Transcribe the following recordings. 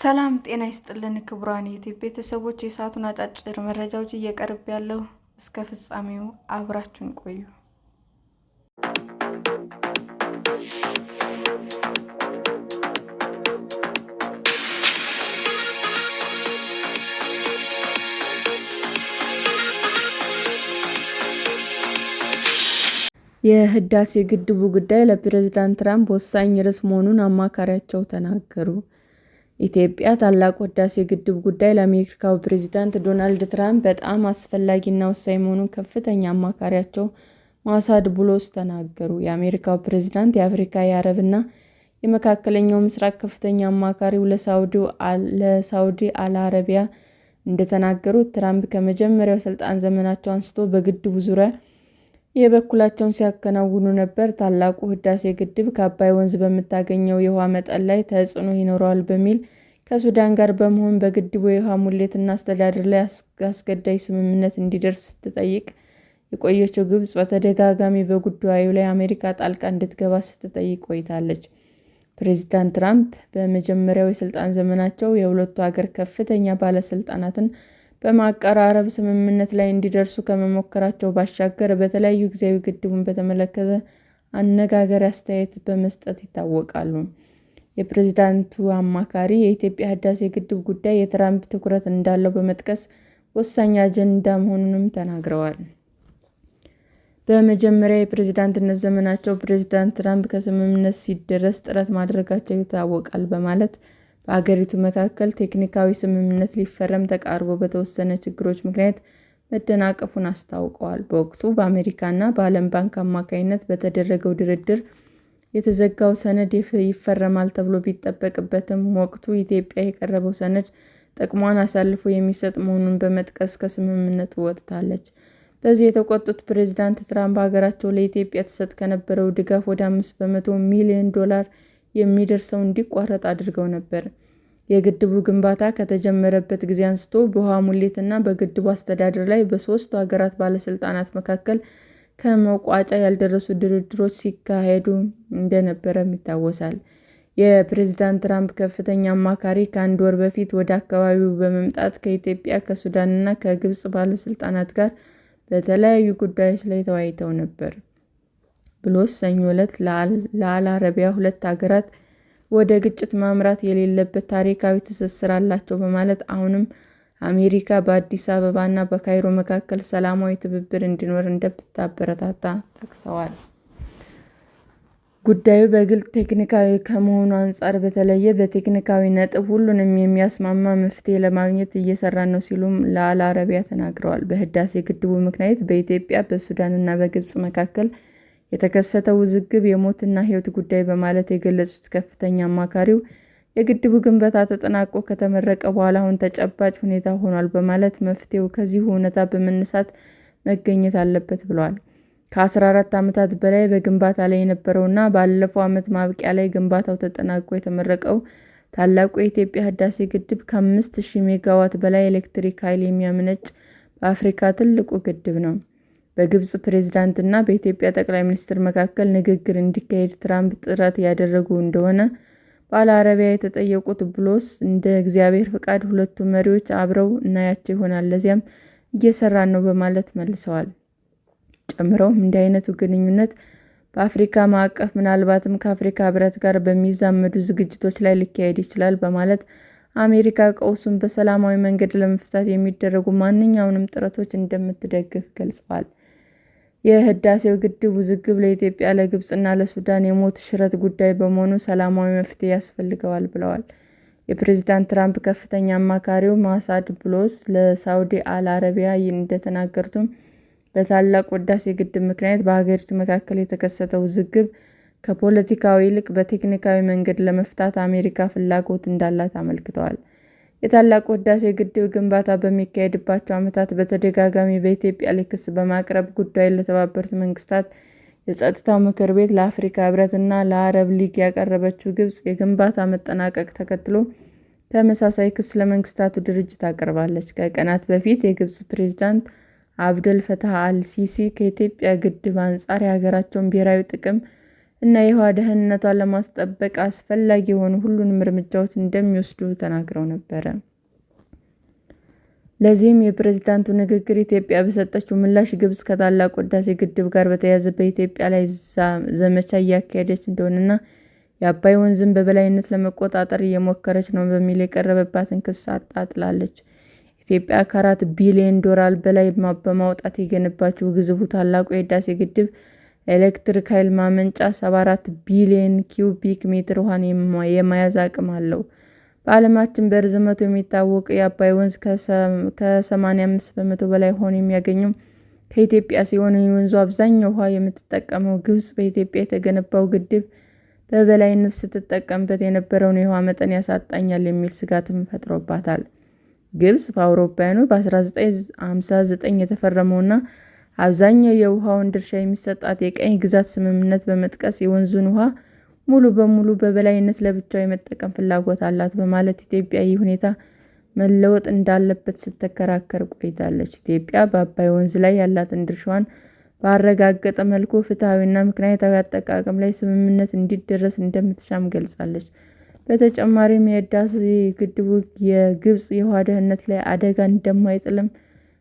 ሰላም ጤና ይስጥልን ክቡራን ዩቲ ቤተሰቦች፣ የሰዓቱን አጫጭር መረጃዎች እየቀርብ ያለው እስከ ፍጻሜው አብራችን ቆዩ። የህዳሴ ግድቡ ጉዳይ ለፕሬዝዳንት ትራምፕ ወሳኝ ርዕስ መሆኑን አማካሪያቸው ተናገሩ። ኢትዮጵያ ታላቁ ወዳሴ ግድብ ጉዳይ ለአሜሪካው ፕሬዝዳንት ዶናልድ ትራምፕ በጣም አስፈላጊና ወሳኝ መሆኑን ከፍተኛ አማካሪያቸው ማሳድ ቡሎስ ተናገሩ። የአሜሪካው ፕሬዝዳንት የአፍሪካ፣ የአረብና የመካከለኛው ምስራቅ ከፍተኛ አማካሪው ለሳውዲ አል እንደተናገሩት ትራምፕ ከመጀመሪያው ስልጣን ዘመናቸው አንስቶ በግድቡ ዙሪያ የበኩላቸውን ሲያከናውኑ ነበር። ታላቁ ሕዳሴ ግድብ ከአባይ ወንዝ በምታገኘው የውሃ መጠን ላይ ተጽዕኖ ይኖረዋል በሚል ከሱዳን ጋር በመሆን በግድቡ የውሃ ሙሌትና አስተዳደር ላይ አስገዳጅ ስምምነት እንዲደርስ ስትጠይቅ የቆየችው ግብጽ በተደጋጋሚ በጉዳዩ ላይ አሜሪካ ጣልቃ እንድትገባ ስትጠይቅ ቆይታለች። ፕሬዚዳንት ትራምፕ በመጀመሪያው የስልጣን ዘመናቸው የሁለቱ ሀገር ከፍተኛ ባለስልጣናትን ። በማቀራረብ ስምምነት ላይ እንዲደርሱ ከመሞከራቸው ባሻገር በተለያዩ ጊዜያዊ ግድቡን በተመለከተ አነጋገሪ አስተያየት በመስጠት ይታወቃሉ። የፕሬዚዳንቱ አማካሪ የኢትዮጵያ ህዳሴ ግድብ ጉዳይ የትራምፕ ትኩረት እንዳለው በመጥቀስ ወሳኝ አጀንዳ መሆኑንም ተናግረዋል። በመጀመሪያ የፕሬዝዳንትነት ዘመናቸው ፕሬዝዳንት ትራምፕ ከስምምነት ሲደረስ ጥረት ማድረጋቸው ይታወቃል በማለት በአገሪቱ መካከል ቴክኒካዊ ስምምነት ሊፈረም ተቃርቦ በተወሰነ ችግሮች ምክንያት መደናቀፉን አስታውቀዋል። በወቅቱ በአሜሪካና በዓለም ባንክ አማካኝነት በተደረገው ድርድር የተዘጋው ሰነድ ይፈረማል ተብሎ ቢጠበቅበትም፣ ወቅቱ ኢትዮጵያ የቀረበው ሰነድ ጥቅሟን አሳልፎ የሚሰጥ መሆኑን በመጥቀስ ከስምምነቱ ወጥታለች። በዚህ የተቆጡት ፕሬዝዳንት ትራምፕ ሀገራቸው ለኢትዮጵያ ትሰጥ ከነበረው ድጋፍ ወደ አምስት በመቶ ሚሊዮን ዶላር የሚደርሰው እንዲቋረጥ አድርገው ነበር። የግድቡ ግንባታ ከተጀመረበት ጊዜ አንስቶ በውሃ ሙሌትና በግድቡ አስተዳደር ላይ በሦስቱ ሀገራት ባለስልጣናት መካከል ከመቋጫ ያልደረሱ ድርድሮች ሲካሄዱ እንደነበረም ይታወሳል። የፕሬዝዳንት ትራምፕ ከፍተኛ አማካሪ ከአንድ ወር በፊት ወደ አካባቢው በመምጣት ከኢትዮጵያ፣ ከሱዳንና ከግብጽ ባለስልጣናት ጋር በተለያዩ ጉዳዮች ላይ ተወያይተው ነበር። ብሎስ ሰኞ ዕለት ለአል አረቢያ ሁለት አገራት ወደ ግጭት ማምራት የሌለበት ታሪካዊ ትስስር አላቸው በማለት አሁንም አሜሪካ በአዲስ አበባ ና በካይሮ መካከል ሰላማዊ ትብብር እንዲኖር እንደምታበረታታ ጠቅሰዋል። ጉዳዩ በግልጽ ቴክኒካዊ ከመሆኑ አንጻር በተለየ በቴክኒካዊ ነጥብ ሁሉንም የሚያስማማ መፍትሔ ለማግኘት እየሰራን ነው ሲሉም ለአል አረቢያ ተናግረዋል። በህዳሴ ግድቡ ምክንያት በኢትዮጵያ፣ በሱዳን እና በግብጽ መካከል የተከሰተው ውዝግብ የሞትና ሕይወት ጉዳይ በማለት የገለጹት ከፍተኛ አማካሪው የግድቡ ግንባታ ተጠናቆ ከተመረቀ በኋላ አሁን ተጨባጭ ሁኔታ ሆኗል በማለት መፍትሄው ከዚሁ እውነታ በመነሳት መገኘት አለበት ብለዋል። ከ14 ዓመታት በላይ በግንባታ ላይ የነበረውና ባለፈው ዓመት ማብቂያ ላይ ግንባታው ተጠናቆ የተመረቀው ታላቁ የኢትዮጵያ ሕዳሴ ግድብ ከ5000 ሜጋዋት በላይ ኤሌክትሪክ ኃይል የሚያመነጭ በአፍሪካ ትልቁ ግድብ ነው። በግብጽ ፕሬዝዳንትና በኢትዮጵያ ጠቅላይ ሚኒስትር መካከል ንግግር እንዲካሄድ ትራምፕ ጥረት ያደረጉ እንደሆነ በአል አረቢያ የተጠየቁት ብሎስ እንደ እግዚአብሔር ፈቃድ ሁለቱ መሪዎች አብረው እናያቸው ይሆናል ለዚያም እየሰራን ነው በማለት መልሰዋል። ጨምረውም እንዲህ አይነቱ ግንኙነት በአፍሪካ ማዕቀፍ ምናልባትም ከአፍሪካ ህብረት ጋር በሚዛመዱ ዝግጅቶች ላይ ሊካሄድ ይችላል በማለት አሜሪካ ቀውሱን በሰላማዊ መንገድ ለመፍታት የሚደረጉ ማንኛውንም ጥረቶች እንደምትደግፍ ገልጸዋል። የህዳሴው ግድብ ውዝግብ ለኢትዮጵያ፣ ለግብፅና ለሱዳን የሞት ሽረት ጉዳይ በመሆኑ ሰላማዊ መፍትሄ ያስፈልገዋል ብለዋል። የፕሬዝዳንት ትራምፕ ከፍተኛ አማካሪው ማሳድ ብሎስ ለሳውዲ አል አረቢያ እንደተናገሩትም በታላቁ ህዳሴ ግድብ ምክንያት በሀገሪቱ መካከል የተከሰተው ውዝግብ ከፖለቲካዊ ይልቅ በቴክኒካዊ መንገድ ለመፍታት አሜሪካ ፍላጎት እንዳላት አመልክተዋል። የታላቁ ወዳሴ ግድብ ግንባታ በሚካሄድባቸው ዓመታት በተደጋጋሚ በኢትዮጵያ ላይ ክስ በማቅረብ ጉዳዩን ለተባበሩት መንግስታት የጸጥታው ምክር ቤት፣ ለአፍሪካ ህብረት እና ለአረብ ሊግ ያቀረበችው ግብጽ የግንባታ መጠናቀቅ ተከትሎ ተመሳሳይ ክስ ለመንግስታቱ ድርጅት አቅርባለች። ከቀናት በፊት የግብጽ ፕሬዝዳንት አብደል ፈታህ አል ሲሲ ከኢትዮጵያ ግድብ አንጻር የሀገራቸውን ብሔራዊ ጥቅም እና የውሃ ደህንነቷን ለማስጠበቅ አስፈላጊ የሆኑ ሁሉንም እርምጃዎች እንደሚወስዱ ተናግረው ነበረ። ለዚህም የፕሬዝዳንቱ ንግግር ኢትዮጵያ በሰጠችው ምላሽ ግብጽ ከታላቁ ሕዳሴ ግድብ ጋር በተያያዘ በኢትዮጵያ ላይ ዘመቻ እያካሄደች እንደሆነና የአባይ ወንዝን በበላይነት ለመቆጣጠር እየሞከረች ነው በሚል የቀረበባትን ክስ አጣጥላለች። ኢትዮጵያ ከአራት ቢሊዮን ዶላር በላይ በማውጣት የገነባችው ግዙፉ ታላቁ የሕዳሴ ግድብ ኤሌክትሪክ ኃይል ማመንጫ 74 ቢሊዮን ኪዩቢክ ሜትር ውሃን የመያዝ አቅም አለው። በዓለማችን በርዝመቱ የሚታወቀው የአባይ ወንዝ ከ85 በመቶ በላይ ሆኖ የሚያገኘው ከኢትዮጵያ ሲሆን የወንዙ አብዛኛው ውሃ የምትጠቀመው ግብጽ በኢትዮጵያ የተገነባው ግድብ በበላይነት ስትጠቀምበት የነበረውን የውሃ መጠን ያሳጣኛል የሚል ስጋትም ፈጥሮባታል። ግብጽ በአውሮፓውያኑ በ1959 የተፈረመውና አብዛኛው የውሃውን ድርሻ የሚሰጣት የቀኝ ግዛት ስምምነት በመጥቀስ የወንዙን ውሃ ሙሉ በሙሉ በበላይነት ለብቻው የመጠቀም ፍላጎት አላት በማለት ኢትዮጵያ ይህ ሁኔታ መለወጥ እንዳለበት ስትከራከር ቆይታለች። ኢትዮጵያ በአባይ ወንዝ ላይ ያላትን ድርሻዋን ባረጋገጠ መልኩ ፍትሐዊና ምክንያታዊ አጠቃቀም ላይ ስምምነት እንዲደረስ እንደምትሻም ገልጻለች። በተጨማሪም የሕዳሴ ግድቡ የግብፅ የውሃ ደህንነት ላይ አደጋ እንደማይጥልም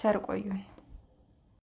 ቸር ቆዩን።